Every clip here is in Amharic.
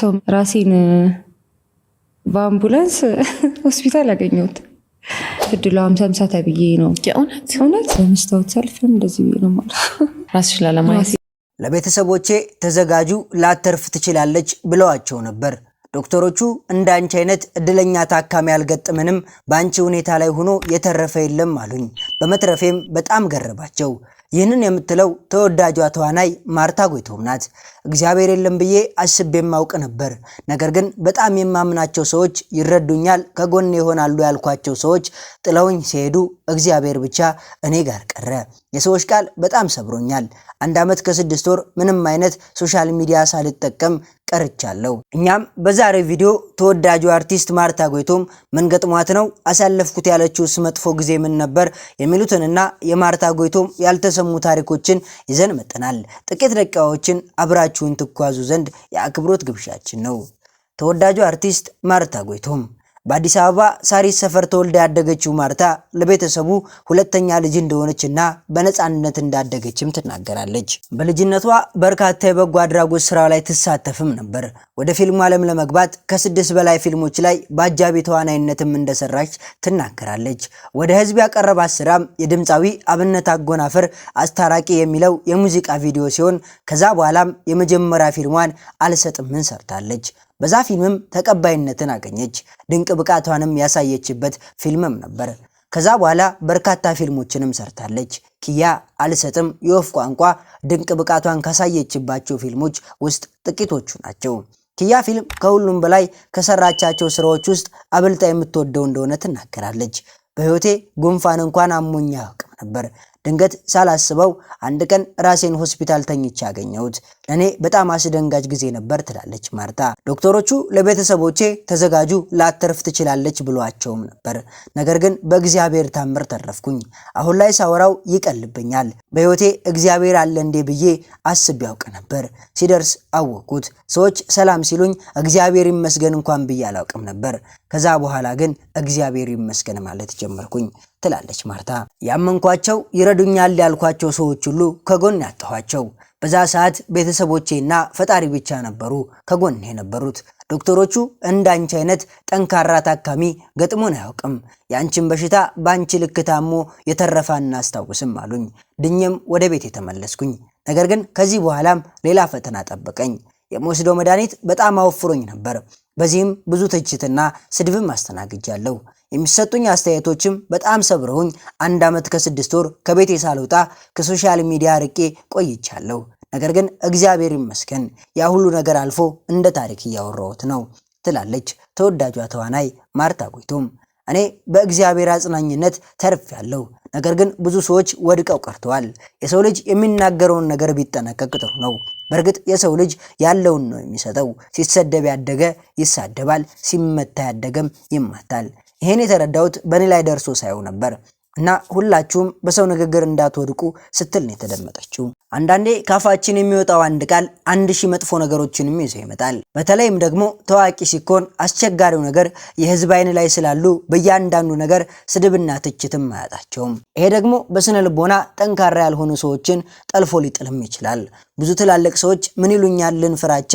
ሰው ራሴን በአምቡላንስ ሆስፒታል ያገኘት እድሉ ሀምሳ ምሳ ተብዬ ነው የእውነት እውነት በመስታወት ሰልፍ እንደዚህ ነው ማለት ራስሽ ላለማየት ለቤተሰቦቼ ተዘጋጁ ላተርፍ ትችላለች ብለዋቸው ነበር። ዶክተሮቹ እንደ አንቺ አይነት እድለኛ ታካሚ አልገጥምንም፣ በአንቺ ሁኔታ ላይ ሆኖ የተረፈ የለም አሉኝ። በመትረፌም በጣም ገረባቸው። ይህንን የምትለው ተወዳጇ ተዋናይ ማርታ ጎይቶም ናት። እግዚአብሔር የለም ብዬ አስቤ የማውቅ ነበር። ነገር ግን በጣም የማምናቸው ሰዎች ይረዱኛል፣ ከጎን ይሆናሉ ያልኳቸው ሰዎች ጥለውኝ ሲሄዱ እግዚአብሔር ብቻ እኔ ጋር ቀረ። የሰዎች ቃል በጣም ሰብሮኛል። አንድ ዓመት ከስድስት ወር ምንም አይነት ሶሻል ሚዲያ ሳልጠቀም ቀርቻለሁ። እኛም በዛሬ ቪዲዮ ተወዳጁ አርቲስት ማርታ ጎይቶም ምን ገጥሟት ነው አሳለፍኩት ያለችውስ መጥፎ ጊዜ ምን ነበር የሚሉትንና የማርታ ጎይቶም ያልተሰሙ ታሪኮችን ይዘን መጠናል። ጥቂት ደቂቃዎችን አብራችሁን ትጓዙ ዘንድ የአክብሮት ግብዣችን ነው። ተወዳጁ አርቲስት ማርታ ጎይቶም በአዲስ አበባ ሳሪስ ሰፈር ተወልዳ ያደገችው ማርታ ለቤተሰቡ ሁለተኛ ልጅ እንደሆነችና በነፃነት እንዳደገችም ትናገራለች። በልጅነቷ በርካታ የበጎ አድራጎት ስራ ላይ ትሳተፍም ነበር። ወደ ፊልሙ ዓለም ለመግባት ከስድስት በላይ ፊልሞች ላይ በአጃቢ ተዋናይነትም እንደሰራች ትናገራለች። ወደ ህዝብ ያቀረባት ስራም የድምፃዊ አብነት አጎናፍር አስታራቂ የሚለው የሙዚቃ ቪዲዮ ሲሆን ከዛ በኋላም የመጀመሪያ ፊልሟን አልሰጥምን ሰርታለች። በዛ ፊልምም ተቀባይነትን አገኘች። ድንቅ ብቃቷንም ያሳየችበት ፊልምም ነበር። ከዛ በኋላ በርካታ ፊልሞችንም ሰርታለች። ኪያ አልሰጥም፣ የወፍ ቋንቋ ድንቅ ብቃቷን ካሳየችባቸው ፊልሞች ውስጥ ጥቂቶቹ ናቸው። ኪያ ፊልም ከሁሉም በላይ ከሰራቻቸው ስራዎች ውስጥ አብልጣ የምትወደው እንደሆነ ትናገራለች። በህይወቴ ጉንፋን እንኳን አሞኛ አያውቅም ነበር ድንገት ሳላስበው አንድ ቀን ራሴን ሆስፒታል ተኝቼ አገኘሁት። እኔ በጣም አስደንጋጭ ጊዜ ነበር ትላለች ማርታ። ዶክተሮቹ ለቤተሰቦቼ ተዘጋጁ ላትረፍ ትችላለች ብሏቸውም ነበር። ነገር ግን በእግዚአብሔር ታምር ተረፍኩኝ። አሁን ላይ ሳወራው ይቀልብኛል። በሕይወቴ እግዚአብሔር አለ እንዴ ብዬ አስብ ያውቅ ነበር። ሲደርስ አወቅኩት። ሰዎች ሰላም ሲሉኝ እግዚአብሔር ይመስገን እንኳን ብዬ አላውቅም ነበር። ከዛ በኋላ ግን እግዚአብሔር ይመስገን ማለት ጀመርኩኝ። ትላለች ማርታ። ያመንኳቸው ይረዱኛል ያልኳቸው ሰዎች ሁሉ ከጎን ያጣኋቸው በዛ ሰዓት ቤተሰቦቼና ፈጣሪ ብቻ ነበሩ ከጎን የነበሩት። ዶክተሮቹ አንቺ አይነት ጠንካራ ታካሚ ገጥሞን አያውቅም። የአንቺን በሽታ በአንቺ ልክ ታሞ የተረፈ አናስታውስም አሉኝ። ድኜም ወደ ቤት የተመለስኩኝ። ነገር ግን ከዚህ በኋላም ሌላ ፈተና ጠበቀኝ። የምወስደው መድኃኒት በጣም አወፍሮኝ ነበር። በዚህም ብዙ ትችትና ስድብም አስተናግጃለሁ። የሚሰጡኝ አስተያየቶችም በጣም ሰብረውኝ አንድ ዓመት ከስድስት ወር ከቤቴ ሳልወጣ ከሶሻል ሚዲያ ርቄ ቆይቻለሁ። ነገር ግን እግዚአብሔር ይመስገን ያ ሁሉ ነገር አልፎ እንደ ታሪክ እያወራሁት ነው ትላለች ተወዳጇ ተዋናይ ማርታ ጎይቶም። እኔ በእግዚአብሔር አጽናኝነት ተርፌያለሁ። ነገር ግን ብዙ ሰዎች ወድቀው ቀርተዋል። የሰው ልጅ የሚናገረውን ነገር ቢጠነቀቅ ጥሩ ነው። በእርግጥ የሰው ልጅ ያለውን ነው የሚሰጠው። ሲሰደብ ያደገ ይሳደባል፣ ሲመታ ያደገም ይማታል። ይህን የተረዳሁት በእኔ ላይ ደርሶ ሳየው ነበር እና ሁላችሁም በሰው ንግግር እንዳትወድቁ ስትል ነው የተደመጠችው። አንዳንዴ ካፋችን የሚወጣው አንድ ቃል አንድ ሺህ መጥፎ ነገሮችንም ይዞ ይመጣል። በተለይም ደግሞ ታዋቂ ሲኮን አስቸጋሪው ነገር የህዝብ አይን ላይ ስላሉ በእያንዳንዱ ነገር ስድብና ትችትም አያጣቸውም። ይሄ ደግሞ በስነ ልቦና ጠንካራ ያልሆኑ ሰዎችን ጠልፎ ሊጥልም ይችላል። ብዙ ትላልቅ ሰዎች ምን ይሉኛልን ፍራቻ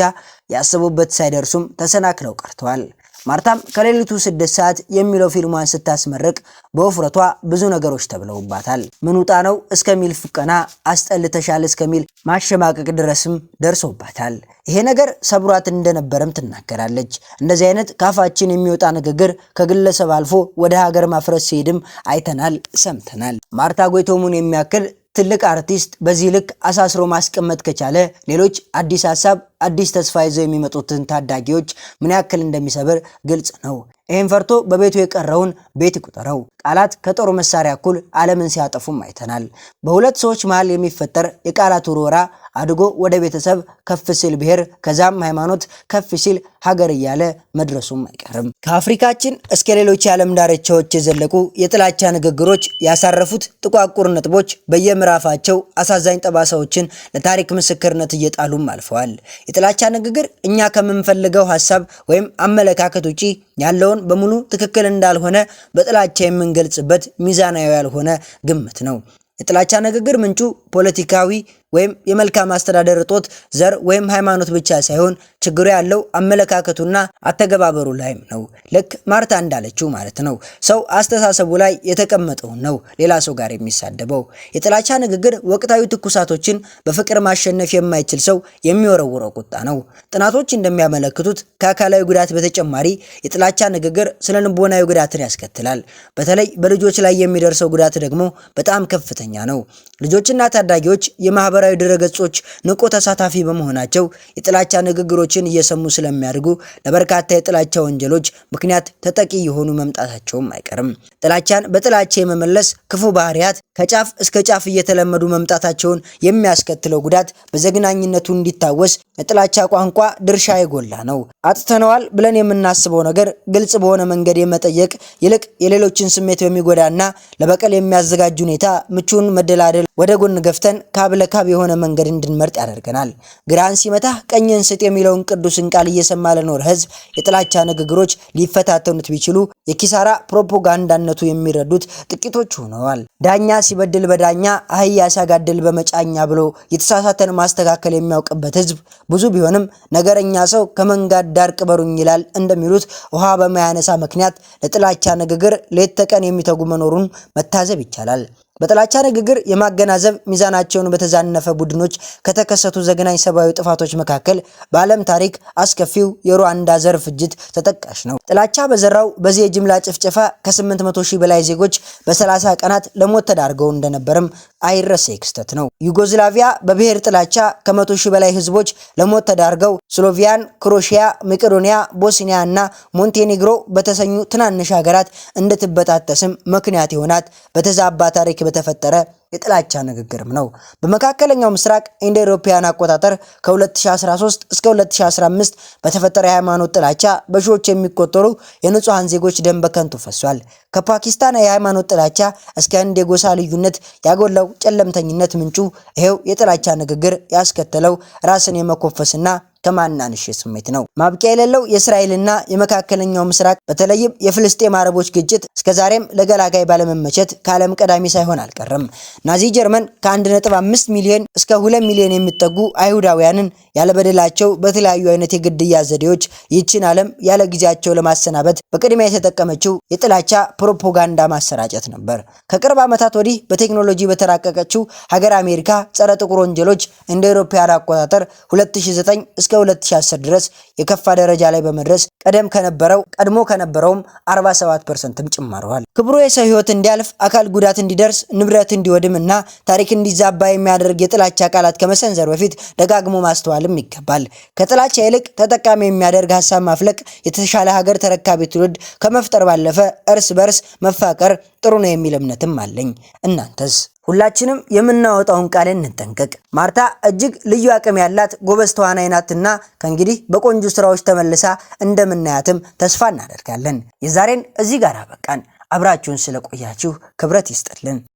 ያሰቡበት ሳይደርሱም ተሰናክለው ቀርተዋል። ማርታም ከሌሊቱ ስድስት ሰዓት የሚለው ፊልሟን ስታስመርቅ በውፍረቷ ብዙ ነገሮች ተብለውባታል። ምንውጣ ነው እስከሚል ፍቀና፣ አስጠልተሻል እስከሚል ማሸማቀቅ ድረስም ደርሶባታል። ይሄ ነገር ሰብሯት እንደነበረም ትናገራለች። እንደዚህ አይነት ካፋችን የሚወጣ ንግግር ከግለሰብ አልፎ ወደ ሀገር ማፍረስ ሲሄድም አይተናል፣ ሰምተናል። ማርታ ጎይቶሙን የሚያክል ትልቅ አርቲስት በዚህ ልክ አሳስሮ ማስቀመጥ ከቻለ ሌሎች አዲስ ሀሳብ፣ አዲስ ተስፋ ይዘው የሚመጡትን ታዳጊዎች ምን ያክል እንደሚሰብር ግልጽ ነው። ይህን ፈርቶ በቤቱ የቀረውን ቤት ይቁጠረው። ቃላት ከጦር መሳሪያ እኩል ዓለምን ሲያጠፉም አይተናል። በሁለት ሰዎች መሃል የሚፈጠር የቃላት ውርወራ አድጎ ወደ ቤተሰብ ከፍ ሲል ብሔር፣ ከዛም ሃይማኖት ከፍ ሲል ሀገር እያለ መድረሱም አይቀርም። ከአፍሪካችን እስከ ሌሎች የዓለም ዳርቻዎች የዘለቁ የጥላቻ ንግግሮች ያሳረፉት ጥቋቁር ነጥቦች በየምዕራፋቸው አሳዛኝ ጠባሳዎችን ለታሪክ ምስክርነት እየጣሉም አልፈዋል። የጥላቻ ንግግር እኛ ከምንፈልገው ሀሳብ ወይም አመለካከት ውጪ ያለውን በሙሉ ትክክል እንዳልሆነ በጥላቻ የምን የምንገልጽበት ሚዛናዊ ያልሆነ ግምት ነው። የጥላቻ ንግግር ምንጩ ፖለቲካዊ ወይም የመልካም አስተዳደር እጦት ዘር ወይም ሃይማኖት ብቻ ሳይሆን ችግሩ ያለው አመለካከቱና አተገባበሩ ላይም ነው። ልክ ማርታ እንዳለችው ማለት ነው። ሰው አስተሳሰቡ ላይ የተቀመጠውን ነው ሌላ ሰው ጋር የሚሳደበው። የጥላቻ ንግግር ወቅታዊ ትኩሳቶችን በፍቅር ማሸነፍ የማይችል ሰው የሚወረውረው ቁጣ ነው። ጥናቶች እንደሚያመለክቱት ከአካላዊ ጉዳት በተጨማሪ የጥላቻ ንግግር ስነ ልቦናዊ ጉዳትን ያስከትላል። በተለይ በልጆች ላይ የሚደርሰው ጉዳት ደግሞ በጣም ከፍተኛ ነው። ልጆችና ታዳጊዎች የማህበ ማህበራዊ ድረገጾች ንቁ ተሳታፊ በመሆናቸው የጥላቻ ንግግሮችን እየሰሙ ስለሚያድጉ ለበርካታ የጥላቻ ወንጀሎች ምክንያት ተጠቂ የሆኑ መምጣታቸውም አይቀርም። ጥላቻን በጥላቻ የመመለስ ክፉ ባህሪያት ከጫፍ እስከ ጫፍ እየተለመዱ መምጣታቸውን የሚያስከትለው ጉዳት በዘግናኝነቱ እንዲታወስ የጥላቻ ቋንቋ ድርሻ የጎላ ነው። አጥተነዋል ብለን የምናስበው ነገር ግልጽ በሆነ መንገድ የመጠየቅ ይልቅ የሌሎችን ስሜት በሚጎዳና ለበቀል የሚያዘጋጅ ሁኔታ ምቹን መደላደል ወደ ጎን ገፍተን ካብ ለካብ የሆነ መንገድ እንድንመርጥ ያደርገናል። ግራን ሲመታ ቀኝን ስጥ የሚለውን ቅዱስን ቃል እየሰማ ለኖር ህዝብ የጥላቻ ንግግሮች ሊፈታተኑት ቢችሉ የኪሳራ ፕሮፓጋንዳነቱ የሚረዱት ጥቂቶች ሆነዋል። ዳኛ ሲበድል በዳኛ አህያ ሲያጋድል በመጫኛ ብሎ የተሳሳተን ማስተካከል የሚያውቅበት ህዝብ ብዙ ቢሆንም ነገረኛ ሰው ከመንገድ ዳር ቅበሩኝ ይላል እንደሚሉት ውሃ በማያነሳ ምክንያት ለጥላቻ ንግግር ሌት ተቀን የሚተጉ መኖሩን መታዘብ ይቻላል። በጥላቻ ንግግር የማገናዘብ ሚዛናቸውን በተዛነፈ ቡድኖች ከተከሰቱ ዘግናኝ ሰብአዊ ጥፋቶች መካከል በዓለም ታሪክ አስከፊው የሩዋንዳ ዘር ፍጅት ተጠቃሽ ነው። ጥላቻ በዘራው በዚህ የጅምላ ጭፍጨፋ ከ800 ሺህ በላይ ዜጎች በ30 ቀናት ለሞት ተዳርገው እንደነበርም አይረሴ ክስተት ነው። ዩጎዝላቪያ በብሔር ጥላቻ ከ100 ሺህ በላይ ህዝቦች ለሞት ተዳርገው ስሎቪያን፣ ክሮሺያ፣ መቄዶኒያ፣ ቦስኒያ እና ሞንቴኔግሮ በተሰኙ ትናንሽ ሀገራት እንድትበጣጠስም ምክንያት የሆናት በተዛባ ታሪክ በተፈጠረ የጥላቻ ንግግርም ነው። በመካከለኛው ምስራቅ እንደ ኢሮፓያን አቆጣጠር ከ2013 እስከ 2015 በተፈጠረ የሃይማኖት ጥላቻ በሺዎች የሚቆጠሩ የንጹሐን ዜጎች ደም በከንቱ ፈሷል። ከፓኪስታን የሃይማኖት ጥላቻ እስከ ህንድ የጎሳ ልዩነት ያጎላው ጨለምተኝነት ምንጩ ይሄው የጥላቻ ንግግር ያስከተለው ራስን የመኮፈስና ተማናንሽ ስሜት ነው። ማብቂያ የሌለው የእስራኤልና የመካከለኛው ምስራቅ በተለይም የፍልስጤም አረቦች ግጭት እስከዛሬም ለገላጋይ ባለመመቸት ከዓለም ቀዳሚ ሳይሆን አልቀረም። ናዚ ጀርመን ከ1.5 ሚሊዮን እስከ 2 ሚሊዮን የሚጠጉ አይሁዳውያንን ያለበደላቸው በተለያዩ አይነት የግድያ ዘዴዎች ይህችን ዓለም ያለ ጊዜያቸው ለማሰናበት በቅድሚያ የተጠቀመችው የጥላቻ ፕሮፓጋንዳ ማሰራጨት ነበር። ከቅርብ ዓመታት ወዲህ በቴክኖሎጂ በተራቀቀችው ሀገር አሜሪካ ጸረ ጥቁር ወንጀሎች እንደ አውሮፓውያን አቆጣጠር 2009 እስከ 2010 ድረስ የከፋ ደረጃ ላይ በመድረስ ቀደም ከነበረው ቀድሞ ከነበረውም 47%ም ጭማረዋል። ክብሩ የሰው ህይወት እንዲያልፍ፣ አካል ጉዳት እንዲደርስ፣ ንብረት እንዲወድም እና ታሪክ እንዲዛባ የሚያደርግ የጥላቻ ቃላት ከመሰንዘር በፊት ደጋግሞ ማስተዋልም ይገባል። ከጥላቻ ይልቅ ተጠቃሚ የሚያደርግ ሀሳብ ማፍለቅ የተሻለ ሀገር ተረካቢ ትውልድ ከመፍጠር ባለፈ እርስ በርስ መፋቀር ጥሩ ነው የሚል እምነትም አለኝ። እናንተስ? ሁላችንም የምናወጣውን ቃል እንጠንቀቅ። ማርታ እጅግ ልዩ አቅም ያላት ጎበዝ ተዋናይ ናትና ከእንግዲህ በቆንጆ ስራዎች ተመልሳ እንደምናያትም ተስፋ እናደርጋለን። የዛሬን እዚህ ጋር አበቃን። አብራችሁን ስለቆያችሁ ክብረት ይስጥልን።